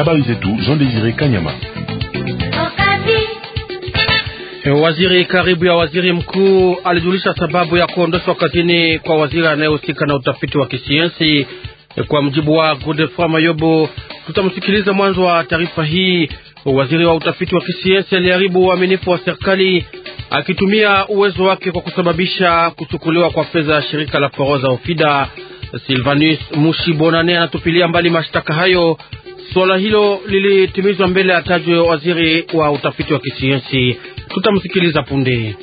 Habari zetu Jean Désiré Kanyama. Eh, waziri karibu ya waziri mkuu alijulisha sababu ya kuondoshwa kazini kwa waziri anayehusika na utafiti wa kisayansi. Eh, kwa mjibu wa Godefroid Mayobo, tutamsikiliza mwanzo wa taarifa hii. Waziri wa utafiti wa kisayansi aliharibu uaminifu wa, serikali akitumia uwezo wake kwa kusababisha kuchukuliwa kwa fedha ya shirika la Foroza Ofida. Silvanus Mushi Bonane anatupilia mbali mashtaka hayo Swala hilo lilitimizwa mbele ya tajwe waziri wa utafiti wa kisayansi. Tutamsikiliza punde.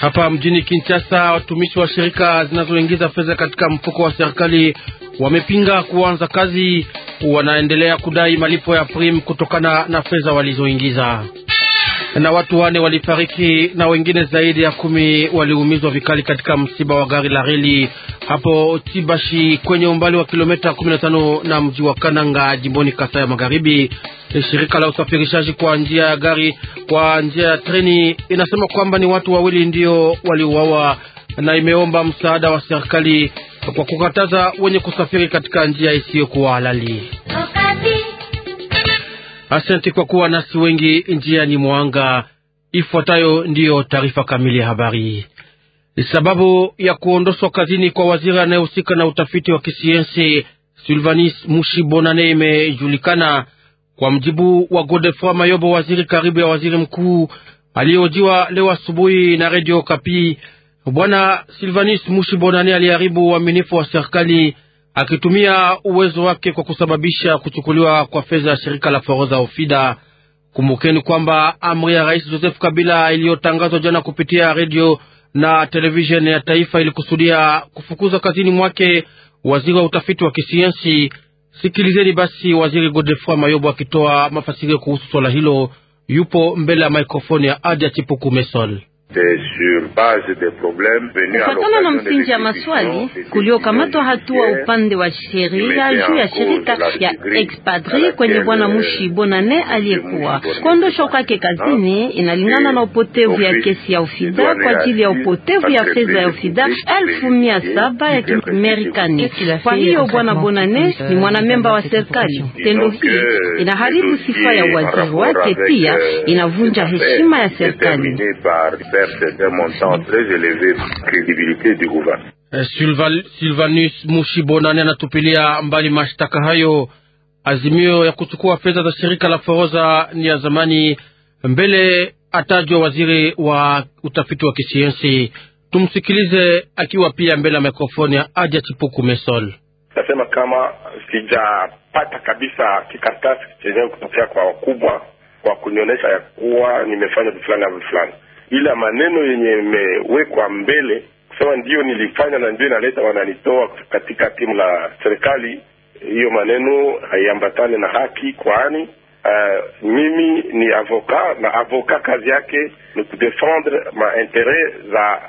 Hapa mjini Kinshasa, watumishi wa shirika zinazoingiza fedha katika mfuko wa serikali wamepinga kuanza kazi. Wanaendelea kudai malipo ya prim kutokana na fedha walizoingiza. Na watu wane walifariki na wengine zaidi ya kumi waliumizwa vikali katika msiba wa gari la reli hapo Tibashi kwenye umbali wa kilomita 15 na mji wa Kananga jimboni Kasai ya Magharibi. Shirika la usafirishaji kwa njia ya gari kwa njia ya treni inasema kwamba ni watu wawili ndio waliuawa na imeomba msaada wa serikali kwa kukataza wenye kusafiri katika njia isiyokuwa halali. Asante kwa kuwa nasi wengi njia ni mwanga. Ifuatayo ndiyo taarifa kamili ya habari. Sababu ya kuondoshwa kazini kwa waziri anayehusika na utafiti wa kisiensi Sylvanis Mushibonane imejulikana kwa mjibu wa godefroi Mayobo, waziri karibu ya waziri mkuu aliyehojiwa leo asubuhi na Radio Kapi. Bwana Sylvanis Mushibonane aliharibu uaminifu wa serikali akitumia uwezo wake kwa kusababisha kuchukuliwa kwa fedha ya shirika la forodha Ofida. Kumbukeni kwamba amri ya Rais Joseph Kabila iliyotangazwa jana kupitia radio na televisheni ya taifa ilikusudia kufukuza kazini mwake waziri wa utafiti wa kisiansi Sikilizeni basi waziri godefoi Mayobo akitoa mafasirio kuhusu swala hilo, yupo mbele ya mikrofoni ya Adia Chipuku Mesol. Kufatana na msingi ya maswali kuliokamatwa hatua upande wa sheria juu ya shirika ya expatri kwenye bwana Mushi Bonane aliyekuwa kuondoshwa kwake kazini inalingana na upotevu ya kesi ya ufida kwa ajili ya upotevu ya fedha ya ufida elfu mia saba ya Kimerikani. Kwa hiyo bwana Bonane ni mwanamemba wa serikali. Tendo hii euh, inaharibu sifa ya waziri wake, pia euh, inavunja heshima ya serikali contraire, c'est un montant très élevé de crédibilité du gouvernement. Eh, Sylvanus Silvanus anatupilia mbali mashtaka hayo. Azimio ya kuchukua fedha za shirika la Foroza ni ya zamani, mbele atajwa waziri wa utafiti wa kisayansi. Tumsikilize akiwa pia mbele ya mikrofoni ya Aja Chipuku Mesol. Nasema kama sijapata kabisa kikaratasi chenyewe kutokea kwa wakubwa kwa kunionyesha ya kuwa nimefanya vifulani na vifulani ila maneno yenye imewekwa mbele kusema ndio nilifanya na ndio inaleta wananitoa katika timu la serikali, hiyo maneno haiambatane na haki, kwani uh, mimi ni avoka na avoka kazi yake ni kudefendre maintere za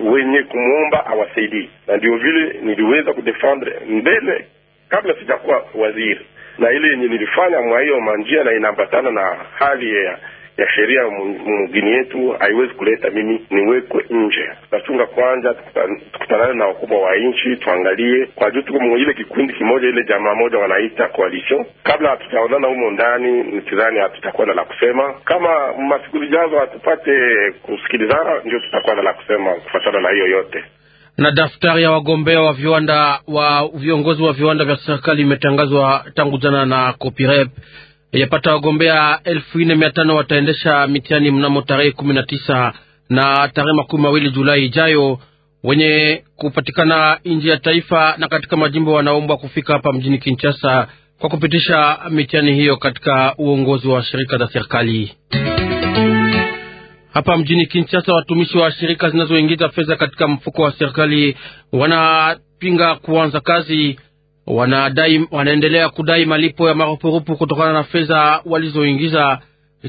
uh, wenye kumwomba awasaidie, na ndio vile niliweza kudefendre mbele kabla sijakuwa waziri, na ile yenye nilifanya mwa hiyo manjia na inaambatana na hali ya ya sheria mgini yetu haiwezi kuleta mimi niwekwe nje. Tutachunga kwanza, tukutanane na wakubwa wa nchi tuangalie, kwa juu tuko ile kikundi kimoja, ile jamaa moja wanaita coalition. Kabla hatutaonana humo ndani, nitizani hatutakuwa na la kusema. Kama masiku zijazo hatupate kusikilizana, ndio tutakuwa na la kusema kufuatana na hiyo yote na daftari ya wagombea wa viwanda wa viongozi wa viwanda vya serikali imetangazwa tangu jana na Copirep yapata wagombea elfu nne mia tano wataendesha mitihani mnamo tarehe kumi na tisa na tarehe makumi mawili Julai ijayo. Wenye kupatikana nje ya taifa na katika majimbo wanaombwa kufika hapa mjini Kinshasa kwa kupitisha mitihani hiyo katika uongozi wa shirika za serikali. Hapa mjini Kinshasa, watumishi wa shirika zinazoingiza fedha katika mfuko wa serikali wanapinga kuanza kazi wanadai, wanaendelea kudai malipo ya marupurupu kutokana na fedha walizoingiza.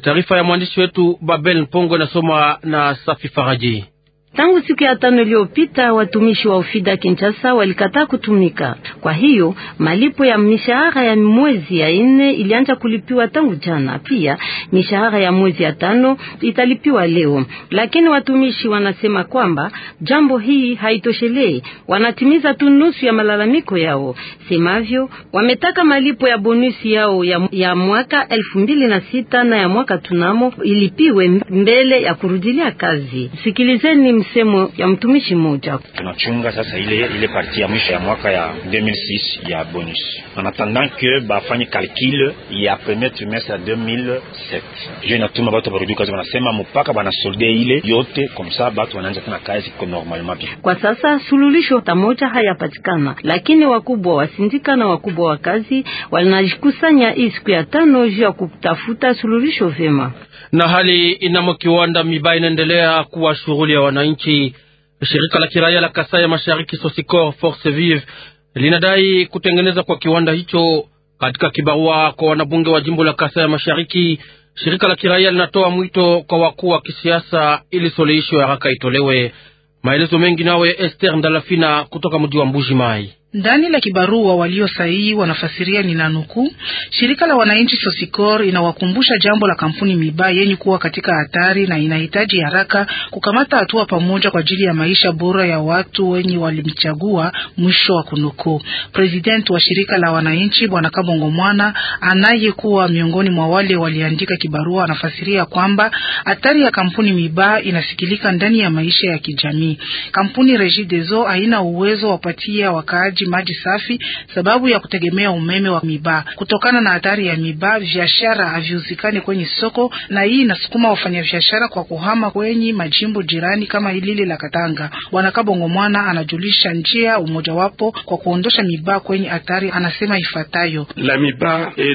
Taarifa ya mwandishi wetu Babel Mpongo inasoma na Safi Faraji. Tangu siku ya tano iliyopita watumishi wa Ufida Kinshasa walikataa kutumika. Kwa hiyo malipo ya mishahara ya mwezi ya nne ilianza kulipiwa tangu jana. Pia mishahara ya mwezi ya tano italipiwa leo, lakini watumishi wanasema kwamba jambo hii haitoshelei, wanatimiza tu nusu ya malalamiko yao. Semavyo wametaka malipo ya bonusi yao ya, ya mwaka elfu mbili na sita na ya mwaka tunamo ilipiwe mbele ya kurudilia kazi. Sikilizeni msemo ya mtumishi mmoja. Tunachunga sasa ile ile parti ya mwisho ya mwaka ya 2006 ya bonus en attendant que bafanye calcul ya premier trimestre ya 2007. Je natuma batu barudi kazi, wanasema mpaka banasolde ile yote komsa, batu wanaanza tena kazi kwa normalement bien. Kwa sasa sululisho moja hayapatikana, lakini wakubwa wa sindika na wakubwa wa kazi walinajikusanya hii siku ya tano juu ya kutafuta sululisho vyema, na hali inamo kiwanda miba inaendelea kuwa shughuli ya wananchi nchi. Shirika la kiraia la Kasai ya Mashariki sosicor Force Vive linadai kutengeneza kwa kiwanda hicho. Katika kibarua kwa wanabunge wa jimbo la Kasai ya Mashariki, shirika la kiraia linatoa mwito kwa wakuu wa kisiasa ili suluhisho haraka itolewe. Maelezo mengi nawe Esther Ndalafina kutoka mji wa Mbuji Mai. Ndani la kibarua walio sahihi wanafasiria ni nukuu, shirika la wananchi Sosikor inawakumbusha jambo la kampuni Miba yenye kuwa katika hatari na inahitaji haraka kukamata hatua pamoja kwa ajili ya maisha bora ya watu wenye walimchagua. Mwisho wa kunukuu. President wa shirika la wananchi Bwana Kabongo Mwana, anayekuwa miongoni mwa wale waliandika kibarua, anafasiria kwamba hatari ya kampuni Miba inasikilika ndani ya maisha ya kijamii. Kampuni Regideso haina uwezo wapatia wakaaji kudhibiti maji safi sababu ya kutegemea umeme wa miba. Kutokana na hatari ya miba, biashara haviuzikani kwenye soko, na hii inasukuma wafanyabiashara kwa kuhama kwenye majimbo jirani kama lile la Katanga. Bwana Kabongo Mwana anajulisha njia umojawapo kwa kuondosha miba kwenye hatari, anasema ifuatayo: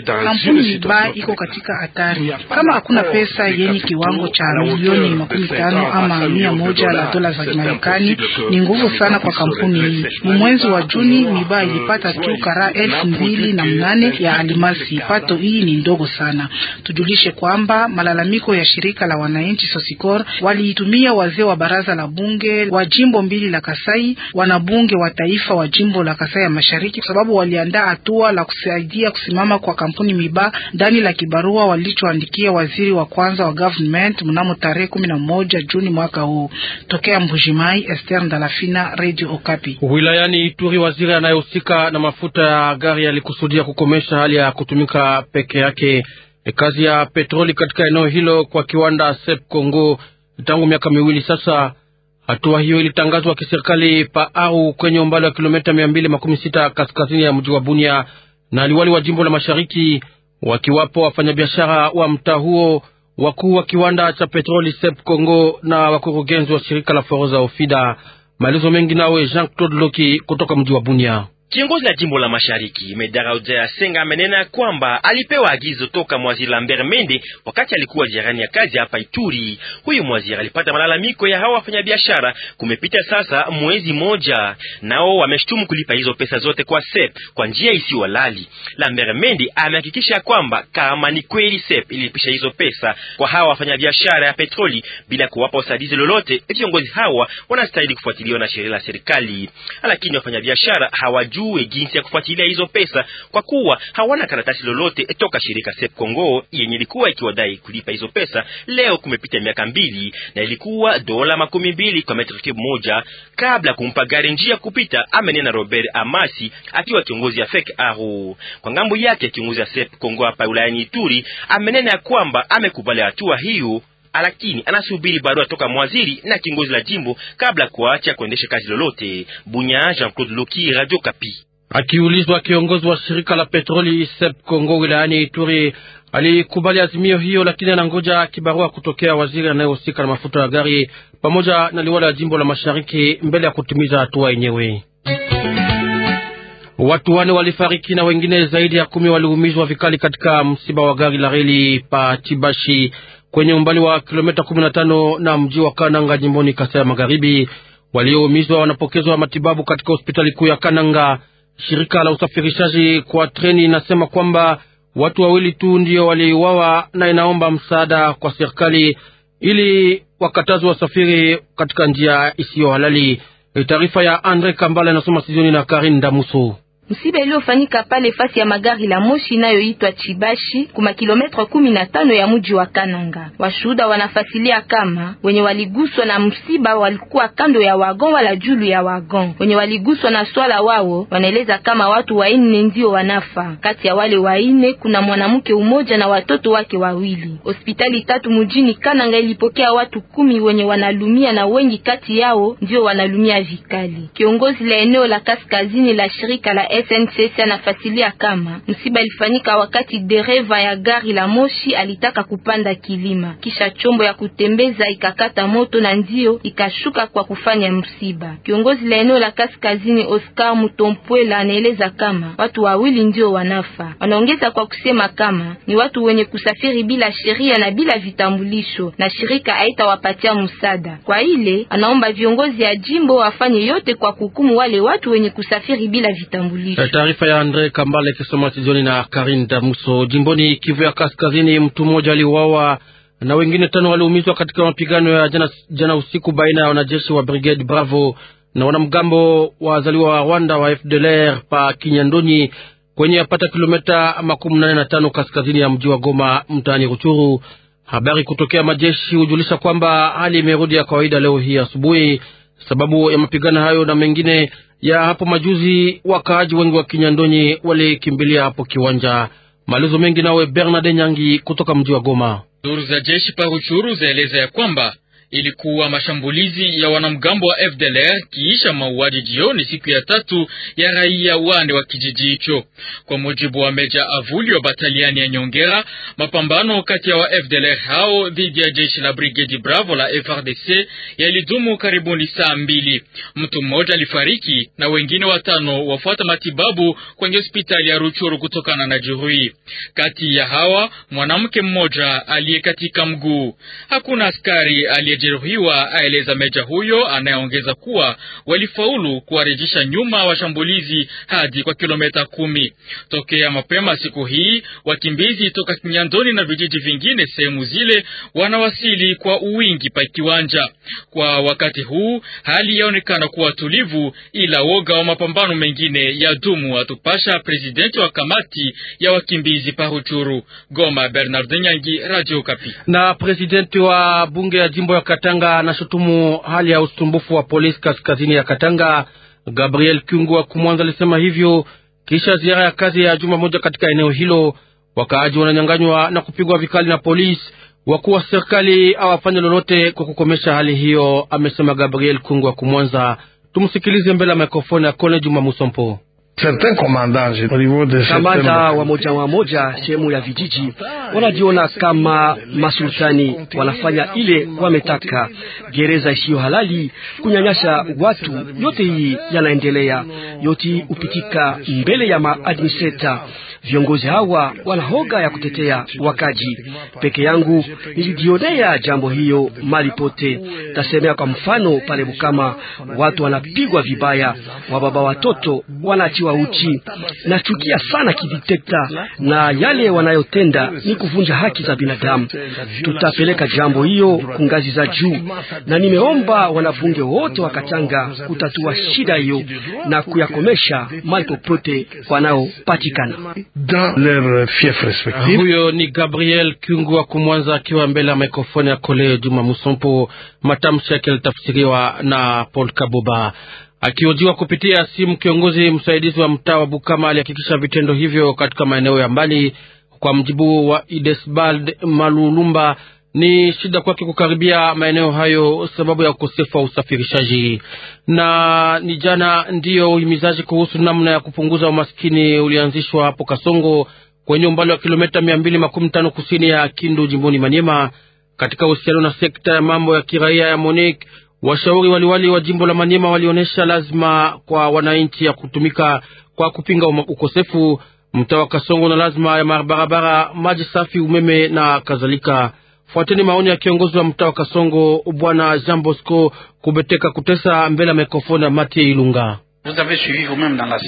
kampuni miba iko katika hatari kama hakuna pesa yenye kiwango cha milioni makumi tano ama mia moja la dola za Kimarekani. Ni nguvu sana kwa kampuni hii. Mwezi wa Juni hivi Miba ilipata tu kara elfu mbili na mnane ya alimasi. Pato hii ni ndogo sana. Tujulishe kwamba malalamiko ya shirika la wananchi Sosikor waliitumia wazee wa baraza la bunge wa jimbo mbili la Kasai, wanabunge wa taifa wa jimbo la Kasai ya Mashariki, kwa sababu waliandaa hatua la kusaidia kusimama kwa kampuni Miba ndani la kibarua walichoandikia waziri wa kwanza wa government mnamo tarehe moja Juni mwaka huu. Tokea Mbujimai, Esther Ndalafina, Radio Okapi. Wilayani Ituri waziri mazingira yanayohusika na mafuta ya gari yalikusudia kukomesha hali ya kutumika peke yake e, kazi ya petroli katika eneo hilo kwa kiwanda SEP Congo tangu miaka miwili sasa. Hatua hiyo ilitangazwa kiserikali pa au kwenye umbali wa kilomita mia mbili makumi sita kaskazini ya mji wa Bunia na aliwali wa jimbo la mashariki wakiwapo wafanyabiashara wa mtaa huo, wakuu wa kiwanda cha petroli SEP Congo na wakurugenzi wa shirika la foroza Ofida. Maelezo mengi nawe Jean Claude Loki kutoka mji wa Bunia. Kiongozi la jimbo la mashariki Medara Ujaya Senga amenena kwamba alipewa agizo toka mwaziri Lambert Mende wakati alikuwa jirani ya kazi hapa Ituri. Huyu mwaziri alipata malalamiko ya hawa wafanyabiashara. Kumepita sasa mwezi moja, nao wameshtumu kulipa hizo pesa zote kwa SEP kwa njia isiyo halali. Lambert Mende amehakikisha kwamba kama ni kweli SEP ilipisha hizo pesa kwa hawa wafanyabiashara ya petroli bila kuwapa usaidizi lolote, viongozi hawa wanastahili kufuatiliwa na sheria la serikali, lakini wafanyabiashara hawa wajue jinsi ya kufuatilia hizo pesa, kwa kuwa hawana karatasi lolote toka shirika SEP Congo yenye ilikuwa ikiwadai kulipa hizo pesa. Leo kumepita miaka mbili na ilikuwa dola makumi mbili kwa metri cube moja kabla kumpa gari njia kupita, amenena Robert Amasi akiwa kiongozi ya fek aho. Kwa ngambo yake kiongozi ya SEP Congo hapa wilayani Ituri amenena ya kwamba amekubali hatua hiyo lakini anasubiri barua toka mwaziri na kiongozi la jimbo kabla kuacha kuendesha kazi lolote. Bunya, Jean-Claude Loki, Radio Kapi. Akiulizwa kiongozi wa shirika la petroli ISEP congo wilayani Ituri alikubali azimio hiyo, lakini anangoja kibarua kutokea waziri anayehusika na mafuta ya gari pamoja na liwala ya jimbo la mashariki mbele ya kutimiza hatua yenyewe. Watu wane walifariki na wengine zaidi ya kumi waliumizwa vikali katika msiba wa gari la reli pa Chibashi kwenye umbali wa kilomita 15 na mji wa Kananga jimboni Kasai ya Magharibi. Walioumizwa wanapokezwa matibabu katika hospitali kuu ya Kananga. Shirika la usafirishaji kwa treni inasema kwamba watu wawili tu ndio waliuawa na inaomba msaada kwa serikali ili wakatazwe wasafiri katika njia isiyo halali. Taarifa ya Andre Kambala inasoma Sizoni na Karin damusu Msiba iliyofanyika pale fasi ya magari la moshi inayoitwa Chibashi kuma kilometro kumi na tano ya mji wa Kananga. Washuhuda wanafasilia kama wenye waliguswa na msiba walikuwa kando ya wagon wala julu ya wagon. Wenye waliguswa na swala wao wanaeleza kama watu waine ndio wanafa. Kati ya wale waine kuna mwanamke umoja na watoto wake wawili. Hospitali tatu mjini Kananga ilipokea watu kumi wenye wanalumia na wengi kati yao ndio wanalumia vikali. Kiongozi la eneo la kaskazini la shirika la SNCC anafasilia kama msiba ilifanyika wakati dereva ya gari la moshi alitaka kupanda kilima, kisha chombo ya kutembeza ikakata moto na ndio ikashuka kwa kufanya msiba. Kiongozi la eneo la kaskazini Oscar Mutompwela anaeleza kama watu wawili ndio wanafa. Wanaongeza kwa kusema kama ni watu wenye kusafiri bila sheria na bila vitambulisho, na shirika haitawapatia msaada kwa ile. Anaomba viongozi ya jimbo wafanye yote kwa kukumu wale watu wenye kusafiri bila vitambulisho. Eh, taarifa ya Andre Kambale kisoma sijoni na Karin Damuso. Jimboni Kivu ya Kaskazini, mtu mmoja aliuawa na wengine tano waliumizwa katika mapigano ya jana, jana usiku baina ya wanajeshi wa Brigade Bravo na wanamgambo wazaliwa wa Rwanda wa FDLR pa kinyandoni kwenye yapata kilomita makumi nane na tano kaskazini ya mji wa Goma mtaani Ruchuru. Habari kutokea majeshi hujulisha kwamba hali imerudi ya kawaida leo hii asubuhi, sababu ya mapigano hayo na mengine ya hapo majuzi, wakaaji wengi wa Kinyandonyi walikimbilia hapo kiwanja. Maelezo mengi nawe Bernard Nyangi kutoka mji wa Goma. Duru za jeshi pa Ruchuru zaeleza ya kwamba Ilikuwa mashambulizi ya wanamgambo wa FDLR kiisha mauaji jioni siku ya tatu ya raia wane wa kijiji hicho. Kwa mujibu wa meja Avuli wa bataliani ya Nyongera, mapambano kati ya wa FDLR hao dhidi ya jeshi la Brigedi Bravo la FRDC yalidumu karibuni saa mbili. Mtu mmoja alifariki na wengine watano wafuata matibabu kwenye hospitali ya Ruchuru kutokana na jeruhi. Kati ya hawa mwanamke mmoja aliyekatika mguu. Hakuna askari aliye aliyejeruhiwa, aeleza meja huyo, anayeongeza kuwa walifaulu kuwarejesha nyuma washambulizi hadi kwa kilomita kumi. Tokea mapema siku hii wakimbizi toka kinyandoni na vijiji vingine sehemu zile wanawasili kwa uwingi pa kiwanja. Kwa wakati huu hali yaonekana kuwa tulivu, ila woga wa mapambano mengine ya dumu, atupasha presidenti wa kamati ya wakimbizi Pahuchuru Goma, Bernard Nyangi, Radio Kapi. Na presidenti wa bunge ya jimbo ya Katanga anashutumu hali ya usumbufu wa polisi kaskazini ya Katanga. Gabriel Kyungu Kumwanza alisema hivyo kisha ziara ya kazi ya juma moja katika eneo hilo. Wakaaji wananyanganywa na kupigwa vikali na polisi. Wakuu wa serikali awafanya lolote kwa kukomesha hali hiyo, amesema Gabriel Kyungu Kumwanza. Tumsikilize mbele ya mikrofoni ya Kone Juma Musompo. Kamanda wa wamoja sehemu ya vijiji wanajiona kama masultani, wanafanya ile wametaka. Gereza isiyo halali, kunyanyasha watu, yote hii yanaendelea, yote upitika mbele ya maadmiseta Viongozi hawa wana hoga ya kutetea wakaji peke yangu. Nilijionea jambo hiyo mali pote, tasemea kwa mfano pale Bukama, watu wanapigwa vibaya, wa baba watoto wanaachiwa uchi. Nachukia sana kiditekta, na yale wanayotenda ni kuvunja haki za binadamu. Tutapeleka jambo hiyo kungazi za juu, na nimeomba wanabunge wote Katanga kutatua shida hiyo na kuyakomesha mali popote wanaopatikana dans leur fief respectif. Huyo ni Gabriel Kyungu wa Kumwanza akiwa mbele ya mikrofoni ya Kole Juma Musompo. Matamshi yake yalitafsiriwa na Paul Kaboba. akiojiwa kupitia simu, kiongozi msaidizi wa mtaa wa Bukama alihakikisha vitendo hivyo katika maeneo ya mbali. Kwa mjibu wa Idesbald Malulumba, ni shida kwake kukaribia maeneo hayo sababu ya ukosefu wa usafirishaji. Na ni jana ndiyo uhimizaji kuhusu namna ya kupunguza umaskini ulianzishwa hapo Kasongo kwenye umbali wa kilomita mia mbili makumi tano kusini ya Kindu jimboni manyema Katika uhusiano na sekta ya mambo ya kiraia ya MONIK. washauri waliwali wa jimbo la manyema walionyesha lazima kwa wananchi ya kutumika kwa kupinga ukosefu mtaa wa Kasongo na lazima ya barabara, maji safi, umeme na kadhalika. Fuateni maoni ya kiongozi wa mtaa wa Kasongo, Bwana Jean Bosco Kubeteka Kutesa, mbele ya mikrofoni ya Matie Ilunga.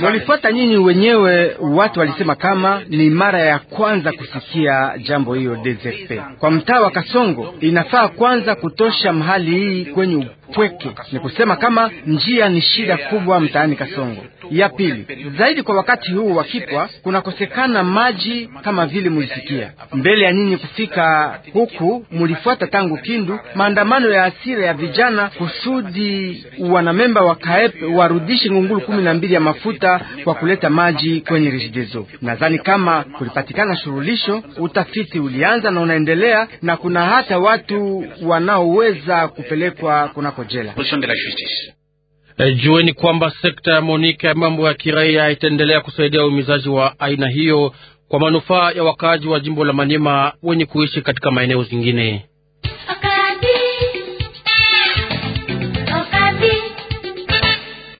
Walifuata nyinyi wenyewe, watu walisema kama ni mara ya kwanza kusikia jambo hiyo. DZP kwa mtaa wa Kasongo inafaa kwanza kutosha mahali hii kwenye kwetu ni kusema kama njia ni shida kubwa mtaani Kasongo. Ya pili zaidi, kwa wakati huu wa kipwa kunakosekana maji kama vile mulisikia mbele ya nyinyi kufika huku, mulifuata tangu Kindu maandamano ya asira ya vijana kusudi wanamemba wa kaep warudishe ngungulu kumi na mbili ya mafuta kwa kuleta maji kwenye rejidezo. Nadhani kama kulipatikana shurulisho, utafiti ulianza na unaendelea, na kuna hata watu wanaoweza kupelekwa kuna wako jela. E, jueni kwamba sekta ya Monike ya mambo ya kiraia itaendelea kusaidia uhimizaji wa aina hiyo kwa manufaa ya wakaaji wa jimbo la Manyema wenye kuishi katika maeneo zingine.